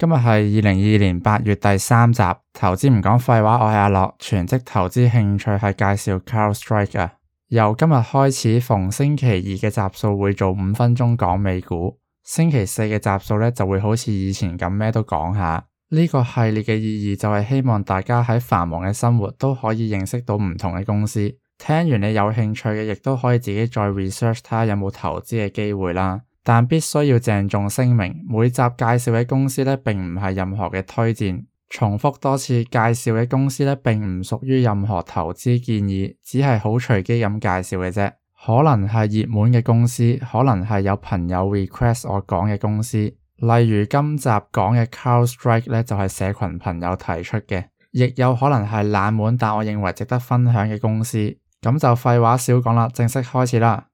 今日係二零二二年八月第三集，投資唔講廢話，我係阿樂，全職投資興趣係介紹 CrowdStrike 嘅。由今日開始，逢星期二嘅集數會做五分鐘講美股，星期四嘅集數咧就會好似以前咁咩都講下。呢個系列嘅意義就係希望大家喺繁忙嘅生活都可以認識到唔同嘅公司。聽完你有興趣嘅，亦都可以自己再 research 睇有冇投資嘅機會啦。但必須要鄭重聲明，每集介紹嘅公司咧並唔係任何嘅推薦，重複多次介紹嘅公司咧並唔屬於任何投資建議，只係好隨機咁介紹嘅啫。可能係熱門嘅公司，可能係有朋友 request 我講嘅公司，例如今集講嘅 CrowdStrike 咧就係、是、社群朋友提出嘅，亦有可能係冷門，但我認為值得分享嘅公司。咁就廢話少講啦，正式開始啦。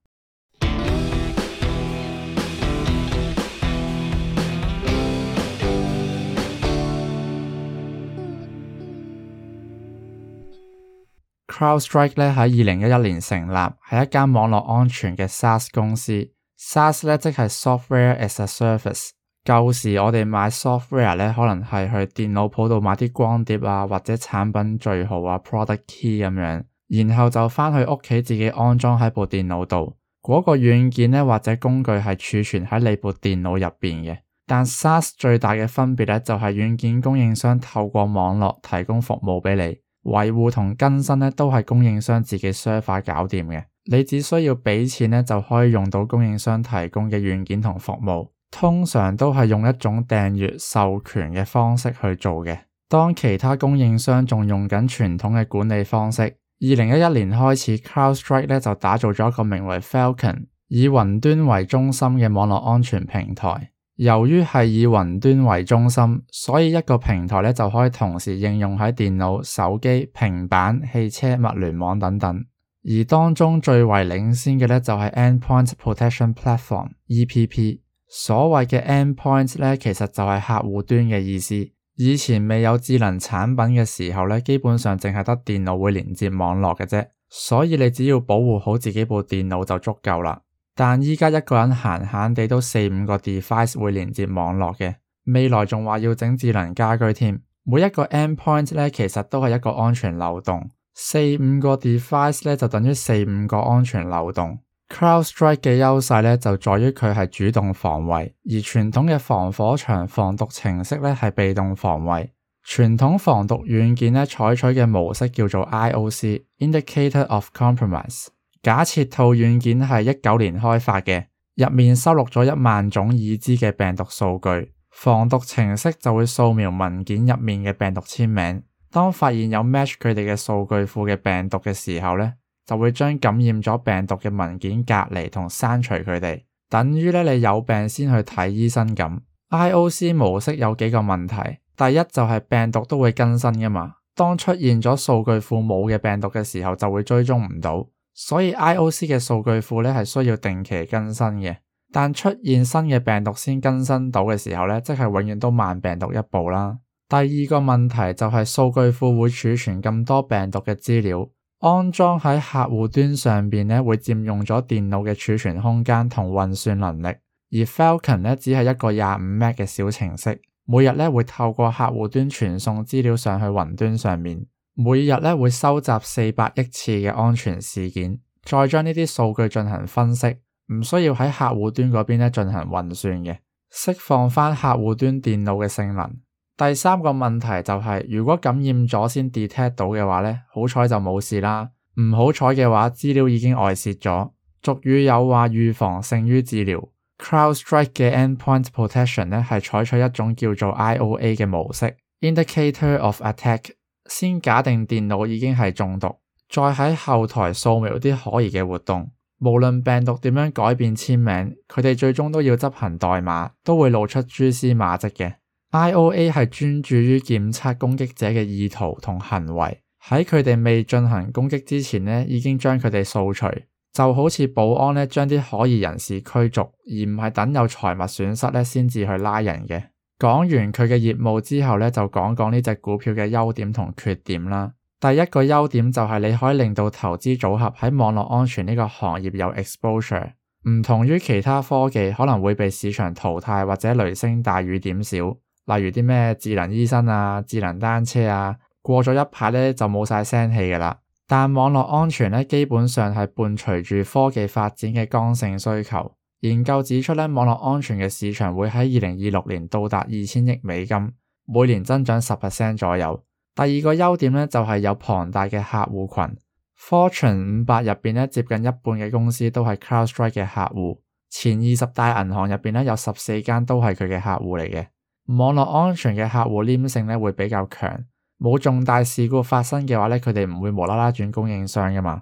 CrowdStrike 咧喺二零一一年成立，係一間網絡安全嘅 SaaS 公司。SaaS 咧即係 Software as a Service。舊時我哋買 software 咧，可能係去電腦鋪度買啲光碟啊，或者產品序號啊、product key 咁樣，然後就返去屋企自己安裝喺部電腦度。嗰、那個軟件咧或者工具係儲存喺你部電腦入邊嘅。但 SaaS 最大嘅分別咧就係、是、軟件供應商透過網絡提供服務俾你。維護同更新咧都係供應商自己 software 搞掂嘅，你只需要俾錢咧就可以用到供應商提供嘅軟件同服務。通常都係用一種訂閱授權嘅方式去做嘅。當其他供應商仲用緊傳統嘅管理方式，二零一一年開始，CrowdStrike 咧就打造咗一個名為 Falcon 以雲端為中心嘅網絡安全平台。由於係以雲端為中心，所以一個平台咧就可以同時應用喺電腦、手機、平板、汽車、物聯網等等。而當中最為領先嘅咧就係 Endpoint Protection Platform（EPP）。所謂嘅 Endpoint 咧，其實就係客戶端嘅意思。以前未有智能產品嘅時候咧，基本上淨係得電腦會連接網絡嘅啫，所以你只要保護好自己部電腦就足夠啦。但依家一個人閒閒地都四五個 device 會連接網絡嘅，未來仲話要整智能家居添。每一個 endpoint 咧，其實都係一個安全漏洞，四五個 device 咧就等於四五個安全漏洞。CrowdStrike 嘅優勢咧就在於佢係主動防衛，而傳統嘅防火牆防毒程式咧係被動防衛。傳統防毒軟件咧採取嘅模式叫做 IOC（Indicator of Compromise）。假設套軟件係一九年開發嘅，入面收錄咗一萬種已知嘅病毒數據，防毒程式就會掃描文件入面嘅病毒簽名。當發現有 match 佢哋嘅數據庫嘅病毒嘅時候呢，就會將感染咗病毒嘅文件隔離同刪除佢哋，等於咧你有病先去睇醫生咁。IOC 模式有幾個問題，第一就係病毒都會更新㗎嘛，當出現咗數據庫冇嘅病毒嘅時候，就會追蹤唔到。所以 IOC 嘅數據庫咧係需要定期更新嘅，但出現新嘅病毒先更新到嘅時候咧，即係永遠都慢病毒一步啦。第二個問題就係數據庫會儲存咁多病毒嘅資料，安裝喺客戶端上邊咧會佔用咗電腦嘅儲存空間同運算能力，而 Falcon 咧只係一個廿五 M 嘅小程式，每日咧會透過客戶端傳送資料上去雲端上面。每日咧會收集四百億次嘅安全事件，再將呢啲數據進行分析，唔需要喺客戶端嗰邊咧進行運算嘅，釋放翻客戶端電腦嘅性能。第三個問題就係，如果感染咗先 detect 到嘅話咧，好彩就冇事啦，唔好彩嘅話，資料已經外泄咗。俗語有話預防勝於治療。CrowdStrike 嘅 Endpoint Protection 咧係採取一種叫做 IOA 嘅模式，Indicator of Attack。先假定電腦已經係中毒，再喺後台掃描啲可疑嘅活動。無論病毒點樣改變簽名，佢哋最終都要執行代碼，都會露出蛛絲馬跡嘅。IoA 係專注於檢測攻擊者嘅意圖同行為，喺佢哋未進行攻擊之前呢已經將佢哋掃除。就好似保安呢，將啲可疑人士驅逐，而唔係等有財物損失呢，先至去拉人嘅。講完佢嘅業務之後呢，就講講呢隻股票嘅優點同缺點啦。第一個優點就係你可以令到投資組合喺網絡安全呢個行業有 exposure，唔同於其他科技可能會被市場淘汰或者雷聲大雨點小，例如啲咩智能醫生啊、智能單車啊，過咗一排呢就冇晒聲氣㗎喇。但網絡安全呢，基本上係伴隨住科技發展嘅剛性需求。研究指出呢，網絡安全嘅市場會喺二零二六年到達二千億美金，每年增長十 percent 左右。第二個優點呢，就係、是、有龐大嘅客戶群。Fortune 五百入邊呢，接近一半嘅公司都係 CrowdStrike 嘅客戶。前二十大銀行入邊呢，有十四間都係佢嘅客戶嚟嘅。網絡安全嘅客戶黏性呢會比較強，冇重大事故發生嘅話呢，佢哋唔會無啦啦轉供應商噶嘛。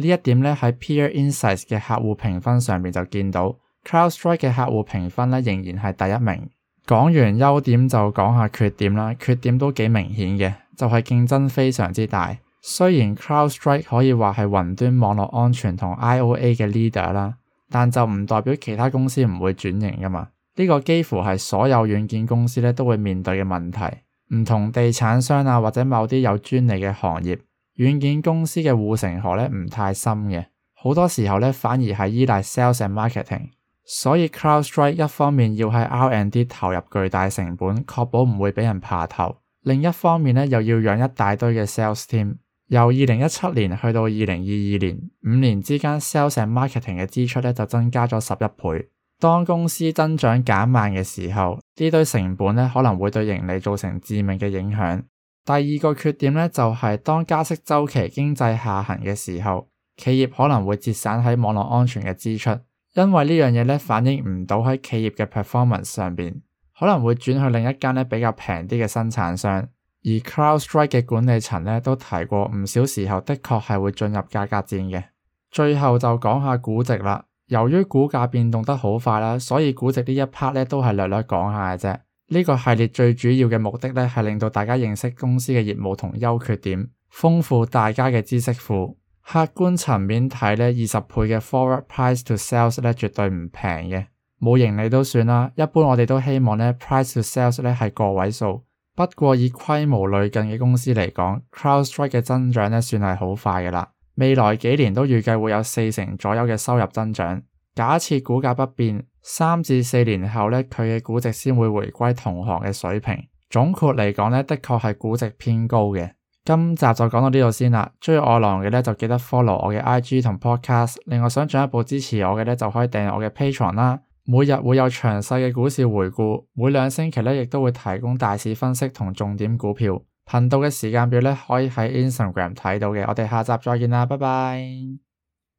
呢一點咧，喺 Peer Insights 嘅客戶評分上面，就見到 CrowdStrike 嘅客戶評分咧，仍然係第一名。講完優點就講下缺點啦，缺點都幾明顯嘅，就係競爭非常之大。雖然 CrowdStrike 可以話係雲端網絡安全同 I O A 嘅 leader 啦，但就唔代表其他公司唔會轉型噶嘛。呢個幾乎係所有軟件公司咧都會面對嘅問題。唔同地產商啊，或者某啲有專利嘅行業。軟件公司嘅護城河咧唔太深嘅，好多時候咧反而係依賴 sales and marketing。所以 CrowdStrike 一方面要喺 R&D 投入巨大成本，確保唔會俾人爬頭；另一方面咧又要養一大堆嘅 sales team。由2017年去到2022年，五年之間 sales and marketing 嘅支出咧就增加咗十一倍。當公司增長減慢嘅時候，呢堆成本咧可能會對盈利造成致命嘅影響。第二個缺點呢，就係當加息周期、經濟下行嘅時候，企業可能會節省喺網絡安全嘅支出，因為呢樣嘢呢，反映唔到喺企業嘅 performance 上邊，可能會轉去另一間咧比較平啲嘅生產商。而 CrowdStrike 嘅管理層呢，都提過，唔少時候的確係會進入價格戰嘅。最後就講下估值啦，由於股價變動得好快啦，所以估值呢一 part 呢，都係略略講下嘅啫。呢個系列最主要嘅目的呢，係令到大家認識公司嘅業務同優缺點，豐富大家嘅知識庫。客觀層面睇呢，二十倍嘅 forward price to sales 呢，絕對唔平嘅。冇盈利都算啦。一般我哋都希望呢 price to sales 呢係個位數。不過以規模類近嘅公司嚟講，CrowdStrike 嘅增長呢，算係好快㗎喇。未來幾年都預計會有四成左右嘅收入增長。假設股價不變，三至四年後呢，佢嘅估值先會回歸同行嘅水平。總括嚟講呢，的確係估值偏高嘅。今集就講到呢度先啦。追我浪嘅呢，就記得 follow 我嘅 IG 同 podcast。另外想進一步支持我嘅呢，就可以訂閱我嘅 Patreon 啦。每日會有詳細嘅股市回顧，每兩星期呢，亦都會提供大市分析同重點股票。頻道嘅時間表呢，可以喺 Instagram 睇到嘅。我哋下集再見啦，拜拜。